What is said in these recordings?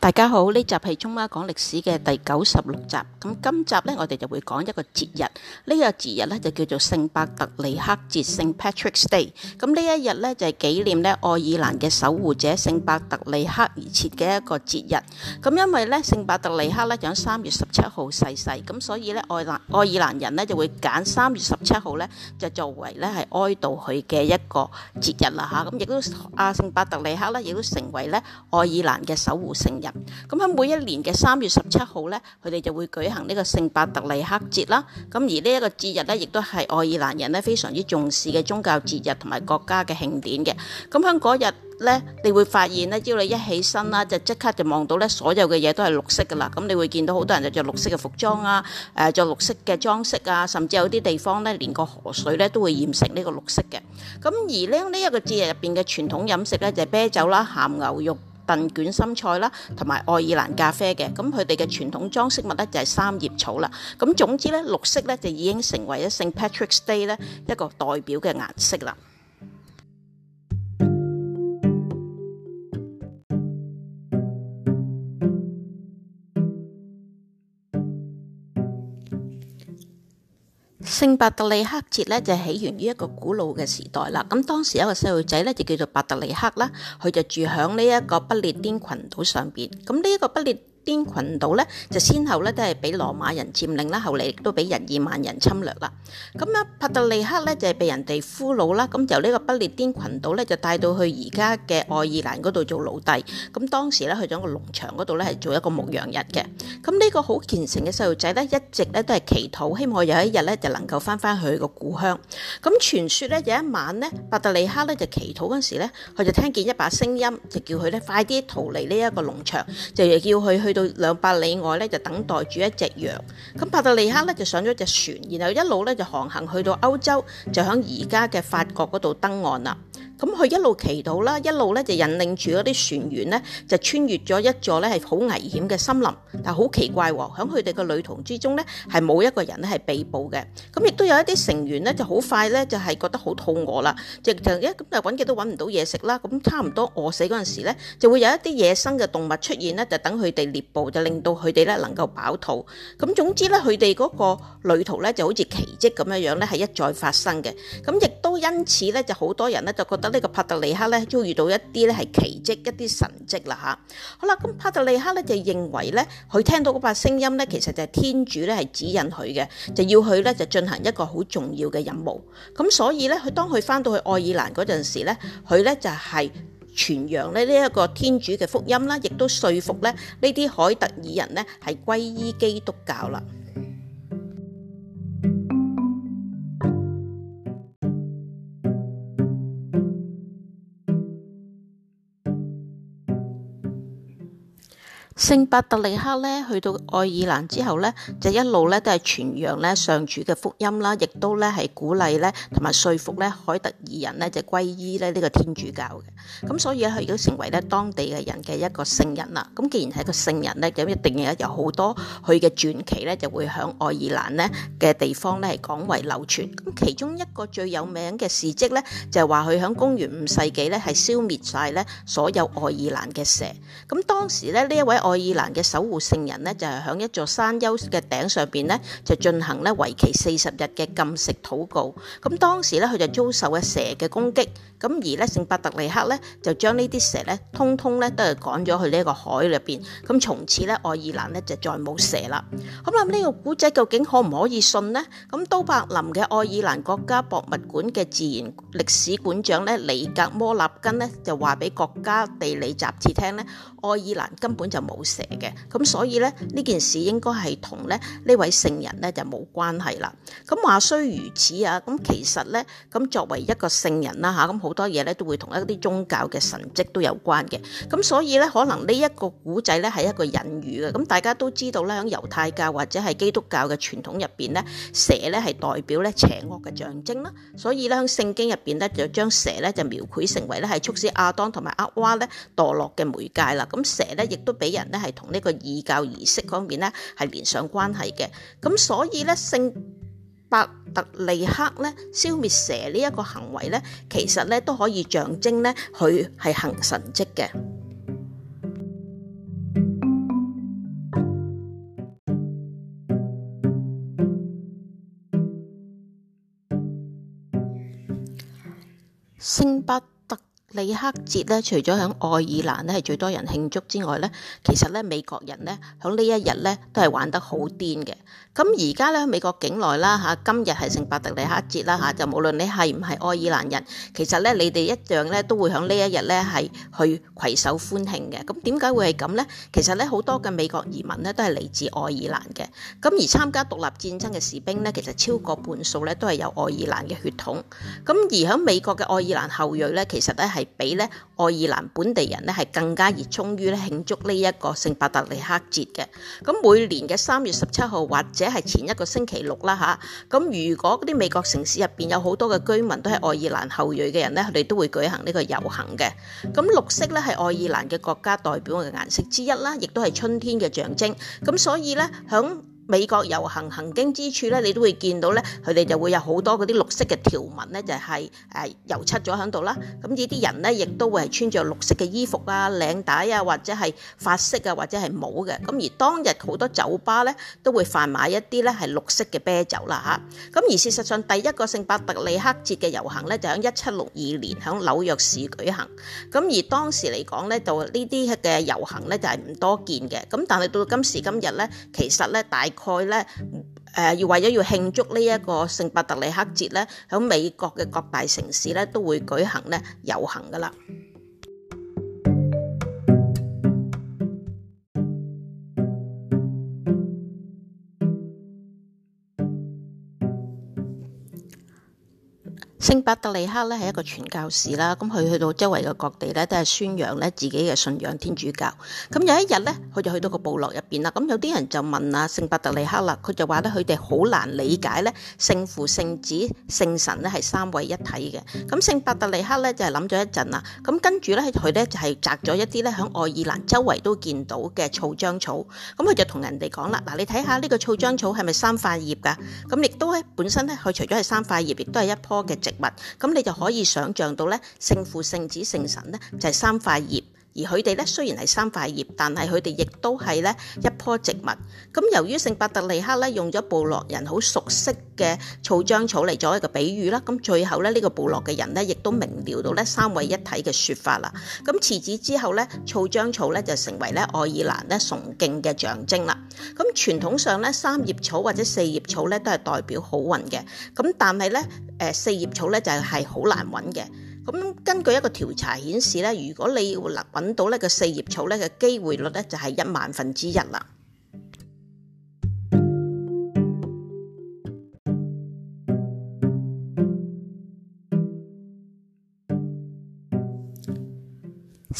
大家好，呢集係《中媽講歷史》嘅第九十六集。咁今集呢，我哋就會講一個節日。呢、這個節日呢，就叫做聖伯特利克節 s Patrick’s Day）。咁呢一日呢，就係、是、紀念呢愛爾蘭嘅守護者聖伯特利克而設嘅一個節日。咁因為呢聖伯特利克呢，就三月十七號逝世，咁所以呢愛爾蘭愛爾蘭人呢，就會揀三月十七號呢，就作為呢係哀悼佢嘅一個節日啦吓。咁亦都阿聖、啊、伯特利克呢，亦都成為呢愛爾蘭嘅守護聖人。咁喺每一年嘅三月十七號呢，佢哋就會舉行呢個聖伯特利克節啦。咁而呢一個節日呢，亦都係愛爾蘭人呢非常之重視嘅宗教節日同埋國家嘅慶典嘅。咁喺嗰日呢，你會發現呢，只要你一起身啦，就即刻就望到呢所有嘅嘢都係綠色噶啦。咁你會見到好多人就着綠色嘅服裝啊，誒着綠色嘅裝飾啊，甚至有啲地方呢連個河水呢都會染成呢個綠色嘅。咁而呢呢一個節日入邊嘅傳統飲食呢，就係啤酒啦、鹹牛肉。燉捲心菜啦，同埋愛爾蘭咖啡嘅，咁佢哋嘅傳統裝飾物咧就係三葉草啦。咁總之咧，綠色咧就已經成為咗聖 Patrick's Day 咧一個代表嘅顏色啦。聖伯特利克節呢，就起源於一個古老嘅時代啦，咁當時有一個細路仔呢，就叫做伯特利克啦，佢就住響呢一個不列顛群島上面。咁呢個不列。不列顛群島咧就先後咧都係俾羅馬人佔領啦，後嚟亦都俾日耳曼人侵略啦。咁啊，帕特利克咧就係被人哋俘虜啦，咁由呢個不列顛群島咧就帶到去而家嘅愛爾蘭嗰度做奴隸。咁當時咧去咗個農場嗰度咧係做一個牧羊人嘅。咁、這、呢個好虔誠嘅細路仔咧，一直咧都係祈禱，希望有一日咧就能夠翻翻去個故鄉。咁傳說咧有一晚呢，帕特利克咧就祈禱嗰時咧，佢就聽見一把聲音，就叫佢咧快啲逃離呢一個農場，就叫佢去。到兩百里外呢，就等待住一隻羊。咁帕特利克呢，就上咗隻船，然後一路呢，就航行去到歐洲，就喺而家嘅法國嗰度登岸啦。咁佢一路祈禱啦，一路咧就引領住嗰啲船員咧，就穿越咗一座咧係好危險嘅森林。但係好奇怪喎，喺佢哋個旅途之中咧，係冇一個人咧係被捕嘅。咁亦都有一啲成員咧就好快咧就係覺得好肚餓啦，即係就一咁就揾嘅都搵唔到嘢食啦。咁差唔多餓死嗰陣時咧，就會有一啲野生嘅動物出現咧，就等佢哋獵捕，就令到佢哋咧能夠飽肚。咁總之咧，佢哋嗰個旅途咧就好似奇蹟咁樣樣咧，係一再發生嘅。咁亦都因此咧，就好多人咧就覺得。呢、這個帕特利克咧遭遇到一啲咧係奇蹟，一啲神蹟啦吓，好啦，咁帕特利克咧就認為咧，佢聽到嗰把聲音咧，其實就係天主咧係指引佢嘅，就要佢咧就進行一個好重要嘅任務。咁所以咧，佢當佢返到去愛爾蘭嗰陣時咧，佢咧就係、是、傳揚咧呢一、這個天主嘅福音啦，亦都說服咧呢啲海特爾人咧係歸依基督教啦。聖伯特利克咧去到愛爾蘭之後咧，就一路咧都係傳揚咧上主嘅福音啦，亦都咧係鼓勵咧同埋說服咧海特爾人咧就歸依咧呢個天主教嘅。咁所以咧佢亦都成為咧當地嘅人嘅一個聖人啦。咁既然係一個聖人咧，咁一定咧有好多佢嘅傳奇咧就會響愛爾蘭呢嘅地方咧係廣為流傳。咁其中一個最有名嘅事蹟咧就係話佢響公元五世紀咧係消滅晒咧所有愛爾蘭嘅蛇。咁當時咧呢一位。愛爾蘭嘅守護聖人呢，就係響一座山丘嘅頂上邊呢，就進行呢為期四十日嘅禁食禱告。咁當時呢，佢就遭受咗蛇嘅攻擊。咁而呢，聖伯特利克呢，就將呢啲蛇呢，通通呢，都係趕咗去呢一個海入邊。咁從此呢，愛爾蘭呢，就再冇蛇啦。好啦，呢個古仔究竟可唔可以信呢？咁都柏林嘅愛爾蘭國家博物館嘅自然歷史館長呢，尼格摩納根呢，就話俾國家地理雜誌聽呢，愛爾蘭根本就冇。蛇嘅咁，所以咧呢呢件事應該係同咧呢位聖人咧就冇關係啦。咁話雖如此啊，咁其實咧咁作為一個聖人啦吓，咁好多嘢咧都會同一啲宗教嘅神蹟都有關嘅。咁所以咧，可能呢一個古仔咧係一個隱喻嘅。咁大家都知道咧，喺猶太教或者係基督教嘅傳統入邊咧，蛇咧係代表咧邪惡嘅象徵啦。所以咧喺聖經入邊咧就將蛇咧就描繪成為咧係促使亞當同埋厄娃咧墮落嘅媒介啦。咁蛇咧亦都俾人咧係同呢個異教儀式嗰方面咧係連上關係嘅，咁所以咧聖伯特利克咧消滅蛇呢一個行為咧，其實咧都可以象徵咧佢係行神蹟嘅。聖伯李克節咧，除咗喺愛爾蘭咧係最多人慶祝之外咧，其實咧美國人咧喺呢一日咧都係玩得好癲嘅。咁而家咧美國境內啦，吓今日係聖伯特里克節啦，吓就無論你係唔係愛爾蘭人，其實咧你哋一樣咧都會喺呢一日咧係去攜手歡慶嘅。咁點解會係咁呢？其實咧好多嘅美國移民咧都係嚟自愛爾蘭嘅。咁而參加獨立戰爭嘅士兵咧，其實超過半數咧都係有愛爾蘭嘅血統。咁而喺美國嘅愛爾蘭後裔咧，其實咧係。係比咧愛爾蘭本地人咧係更加熱衷於咧慶祝呢一個聖伯特利克節嘅。咁每年嘅三月十七號或者係前一個星期六啦嚇。咁、啊、如果啲美國城市入邊有好多嘅居民都係愛爾蘭後裔嘅人咧，佢哋都會舉行呢個遊行嘅。咁綠色咧係愛爾蘭嘅國家代表嘅顏色之一啦，亦都係春天嘅象徵。咁所以咧響美國遊行行經之處咧，你都會見到咧，佢哋就會有好多嗰啲綠色嘅條紋咧，就係、是、誒、呃、油漆咗喺度啦。咁呢啲人咧亦都會係穿著綠色嘅衣服啊、領帶啊，或者係髮色啊，或者係帽嘅、啊。咁、啊、而當日好多酒吧咧都會販賣一啲咧係綠色嘅啤酒啦、啊、嚇。咁而事實上，第一個聖伯特利克節嘅遊行咧就喺一七六二年喺紐約市舉行。咁而當時嚟講咧，就呢啲嘅遊行咧就係、是、唔多見嘅。咁但係到今時今日咧，其實咧大概咧，誒、呃、要為咗要慶祝呢一個聖伯特里克節咧，喺美國嘅各大城市咧都會舉行咧遊行噶啦。聖伯特利克咧係一個傳教士啦，咁佢去到周圍嘅各地咧，都係宣揚咧自己嘅信仰天主教。咁有一日咧，佢就去到個部落入邊啦。咁有啲人就問啊，聖伯特利克啦，佢就話咧，佢哋好難理解咧，聖父、聖子、聖神咧係三位一體嘅。咁聖伯特利克咧就係諗咗一陣啦。咁跟住咧，佢咧就係摘咗一啲咧，響愛爾蘭周圍都見到嘅醋漿草。咁佢就同人哋講啦，嗱，你睇下呢個醋漿草係咪三塊葉㗎？咁亦都咧本身咧佢除咗係三塊葉，亦都係一棵嘅植。物咁你就可以想象到咧，聖父、聖子、聖神咧就係、是、三塊葉，而佢哋咧雖然係三塊葉，但係佢哋亦都係咧一棵植物。咁由於聖伯特利克咧用咗部落人好熟悉嘅酢漿草嚟做一個比喻啦，咁最後咧呢、這個部落嘅人咧亦都明了到咧三位一體嘅說法啦。咁自此之後咧，酢漿草咧就成為咧愛爾蘭咧崇敬嘅象徵啦。咁傳統上咧，三葉草或者四葉草咧都係代表好運嘅，咁但係咧。四葉草呢就係好難揾嘅，根據一個調查顯示呢，如果你揾到呢個四葉草嘅機會率呢就係一萬分之一啦。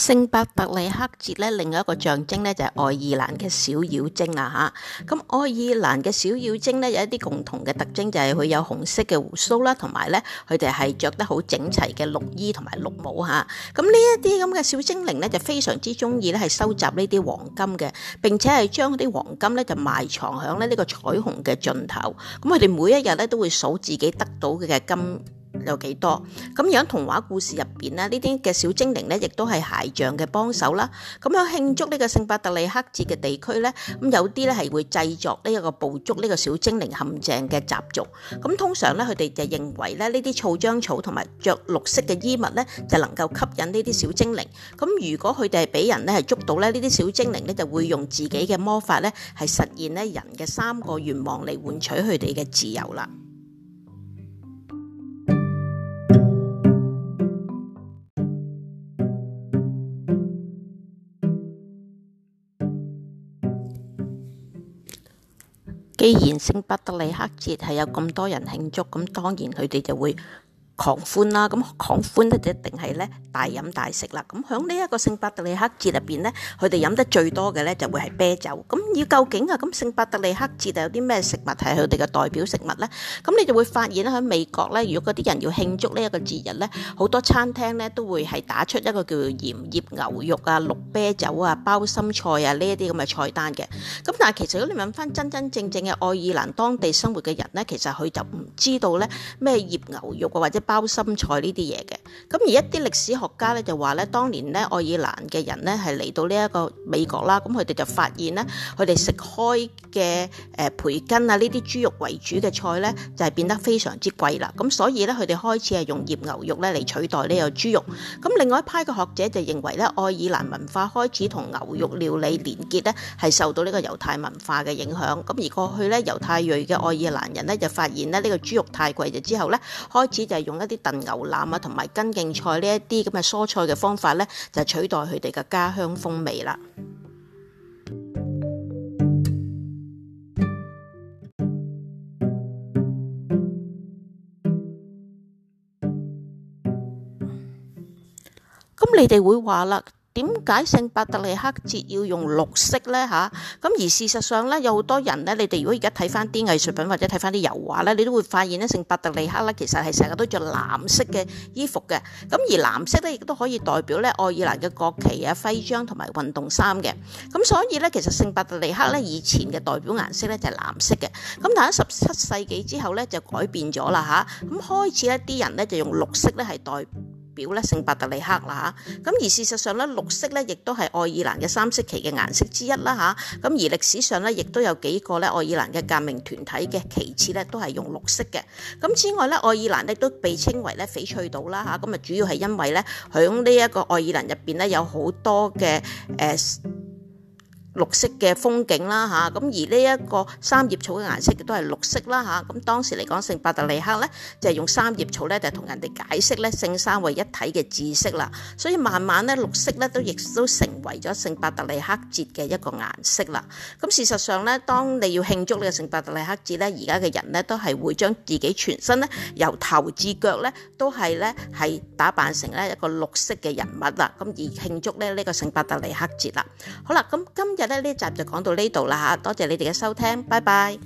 聖伯特利克節咧，另外一個象徵咧就係愛爾蘭嘅小妖精啦吓。咁愛爾蘭嘅小妖精咧有一啲共同嘅特徵就係佢有紅色嘅鬍鬚啦，同埋咧佢哋係着得好整齊嘅綠衣同埋綠帽吓。咁呢一啲咁嘅小精靈咧就非常之中意咧係收集呢啲黃金嘅，並且係將啲黃金咧就埋藏響咧呢個彩虹嘅盡頭。咁佢哋每一日咧都會數自己得到嘅金，有幾多？咁喺童話故事入邊咧，呢啲嘅小精靈咧，亦都係鞋匠嘅幫手啦。咁喺慶祝呢個聖伯特利克節嘅地區咧，咁有啲咧係會製作呢一個捕捉呢個小精靈陷阱嘅習俗。咁通常咧，佢哋就認為咧，呢啲醋漿草同埋着綠色嘅衣物咧，就能夠吸引呢啲小精靈。咁如果佢哋係俾人咧係捉到咧，呢啲小精靈咧就會用自己嘅魔法咧係實現咧人嘅三個願望嚟換取佢哋嘅自由啦。既然聖彼得里克節係有咁多人慶祝，咁當然佢哋就會。狂歡啦，咁狂歡咧就一定係咧大飲大食啦。咁喺呢一個聖伯特利克節入面咧，佢哋飲得最多嘅咧就會係啤酒。咁要究竟啊，咁聖伯特利克節有啲咩食物係佢哋嘅代表食物呢？咁你就會發現咧喺美國咧，如果嗰啲人要慶祝呢一個節日咧，好、嗯、多餐廳咧都會係打出一個叫做鹽醃牛肉啊、綠啤酒啊、包心菜啊呢一啲咁嘅菜單嘅。咁但係其實如果你問翻真真正正嘅愛爾蘭當地生活嘅人咧，其實佢就唔知道咧咩醃牛肉啊或者。包心菜呢啲嘢嘅，咁而一啲歷史學家咧就話咧，當年咧愛爾蘭嘅人咧係嚟到呢一個美國啦，咁佢哋就發現咧，佢哋食開嘅誒、呃、培根啊呢啲豬肉為主嘅菜咧，就係、是、變得非常之貴啦，咁所以咧佢哋開始係用醃牛肉咧嚟取代呢個豬肉。咁另外一批嘅學者就認為咧，愛爾蘭文化開始同牛肉料理連結咧，係受到呢個猶太文化嘅影響，咁而過去咧猶太裔嘅愛爾蘭人咧就發現咧呢、這個豬肉太貴咗之後咧，開始就係用，一啲燉牛腩啊，同埋根莖菜呢一啲咁嘅蔬菜嘅方法呢，就取代佢哋嘅家鄉風味啦。咁 你哋會話啦？點解聖伯特利克節要用綠色呢？嚇？咁而事實上咧，有好多人咧，你哋如果而家睇返啲藝術品或者睇返啲油畫咧，你都會發現咧，聖伯特利克咧其實係成日都着藍色嘅衣服嘅。咁而藍色咧亦都可以代表咧愛爾蘭嘅國旗啊、徽章同埋運動衫嘅。咁所以咧，其實聖伯特利克咧以前嘅代表顏色咧就係藍色嘅。咁但喺十七世紀之後咧就改變咗啦嚇。咁開始咧啲人咧就用綠色咧係代表咧，聖伯特里克啦嚇，咁而事實上咧，綠色咧亦都係愛爾蘭嘅三色旗嘅顏色之一啦嚇，咁而歷史上咧，亦都有幾個咧愛爾蘭嘅革命團體嘅旗幟咧都係用綠色嘅，咁此外咧，愛爾蘭亦都被稱為咧翡翠島啦嚇，咁啊主要係因為咧響呢一個愛爾蘭入邊咧有好多嘅誒綠色嘅風景啦嚇，咁而呢一個三葉草嘅顏色亦都係綠色啦嚇，咁當時嚟講，聖伯特利克咧就係用三葉草咧，就係同人哋解釋咧聖三為一體嘅知識啦，所以慢慢咧綠色咧都亦都成為咗聖伯特利克節嘅一個顏色啦。咁事實上咧，當你要慶祝呢個聖伯特利克節咧，而家嘅人咧都係會將自己全身咧由頭至腳咧都係咧係打扮成咧一個綠色嘅人物啦。咁而慶祝咧呢個聖伯特利克節啦。好啦，咁今日。呢一集就講到呢度啦吓，多謝你哋嘅收聽，拜拜。